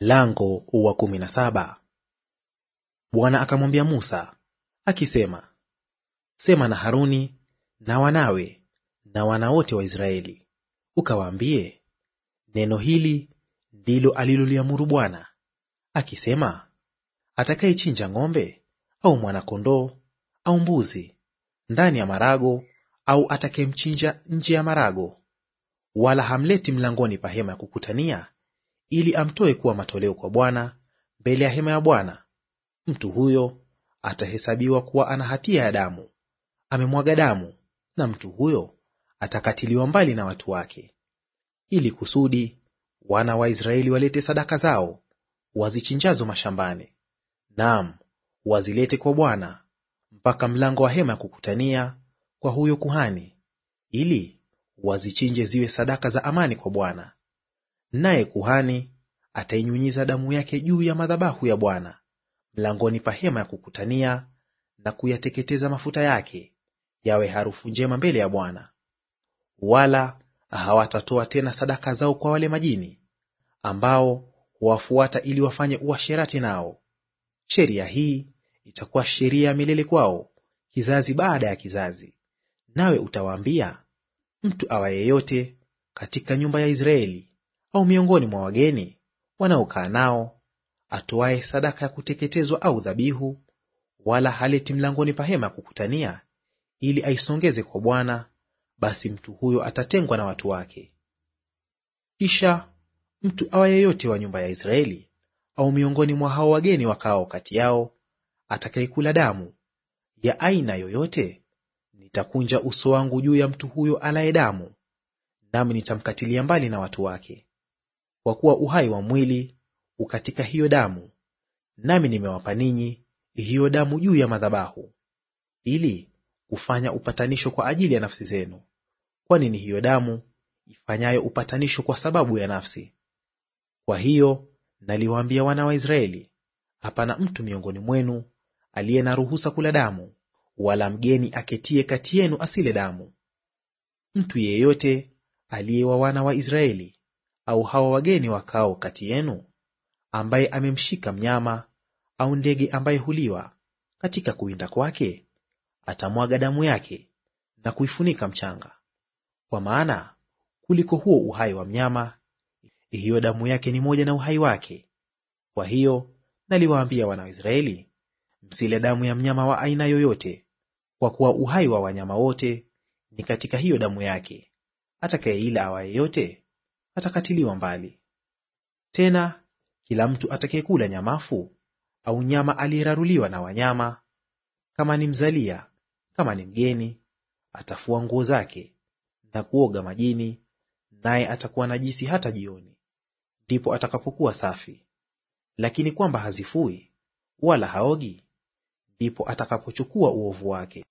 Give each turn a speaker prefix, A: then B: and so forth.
A: Lango wa kumi na saba. Bwana akamwambia Musa akisema, sema na Haruni na wanawe na wana wote wa Israeli, ukawaambie, neno hili ndilo aliloliamuru Bwana akisema, atakayechinja ng'ombe au mwana-kondoo au mbuzi ndani ya marago au atakayemchinja nje ya marago, wala hamleti mlangoni pa hema ya kukutania ili amtoe kuwa matoleo kwa Bwana mbele ya hema ya Bwana, mtu huyo atahesabiwa kuwa ana hatia ya damu, amemwaga damu, na mtu huyo atakatiliwa mbali na watu wake. Ili kusudi wana wa Israeli walete sadaka zao wazichinjazo mashambani, naam, wazilete kwa Bwana mpaka mlango wa hema ya kukutania kwa huyo kuhani, ili wazichinje ziwe sadaka za amani kwa Bwana. Naye kuhani atainyunyiza damu yake juu ya madhabahu ya Bwana mlangoni pa hema ya kukutania, na kuyateketeza mafuta yake yawe harufu njema mbele ya Bwana. Wala hawatatoa tena sadaka zao kwa wale majini ambao huwafuata ili wafanye uasherati nao. Sheria hii itakuwa sheria ya milele kwao kizazi baada ya kizazi. Nawe utawaambia, mtu awa yeyote katika nyumba ya Israeli au miongoni mwa wageni wanaokaa nao atoaye sadaka ya kuteketezwa au dhabihu, wala haleti mlangoni pa hema ya kukutania ili aisongeze kwa Bwana, basi mtu huyo atatengwa na watu wake. Kisha mtu awa yeyote wa nyumba ya Israeli au miongoni mwa hao wageni wakao kati yao atakayekula damu ya aina yoyote, nitakunja uso wangu juu ya mtu huyo alaye damu, nami nitamkatilia mbali na watu wake kwa kuwa uhai wa mwili u katika hiyo damu, nami nimewapa ninyi hiyo damu juu ya madhabahu, ili kufanya upatanisho kwa ajili ya nafsi zenu, kwani ni hiyo damu ifanyayo upatanisho kwa sababu ya nafsi. Kwa hiyo naliwaambia wana wa Israeli, hapana mtu miongoni mwenu aliye na ruhusa kula damu, wala mgeni aketie kati yenu asile damu. Mtu yeyote aliye wa wana wa Israeli au hawa wageni wakao kati yenu, ambaye amemshika mnyama au ndege ambaye huliwa katika kuwinda kwake, atamwaga damu yake na kuifunika mchanga. Kwa maana kuliko huo uhai wa mnyama, hiyo damu yake ni moja na uhai wake. Kwa hiyo naliwaambia wana wa Israeli, msile damu ya mnyama wa aina yoyote, kwa kuwa uhai wa wanyama wote ni katika hiyo damu yake. Atakayeila awaye yote atakatiliwa mbali. Tena kila mtu atakayekula nyamafu au nyama aliyeraruliwa na wanyama, kama ni mzalia, kama ni mgeni, atafua nguo zake na kuoga majini, naye atakuwa najisi hata jioni; ndipo atakapokuwa safi. Lakini kwamba hazifui wala haogi, ndipo atakapochukua uovu wake.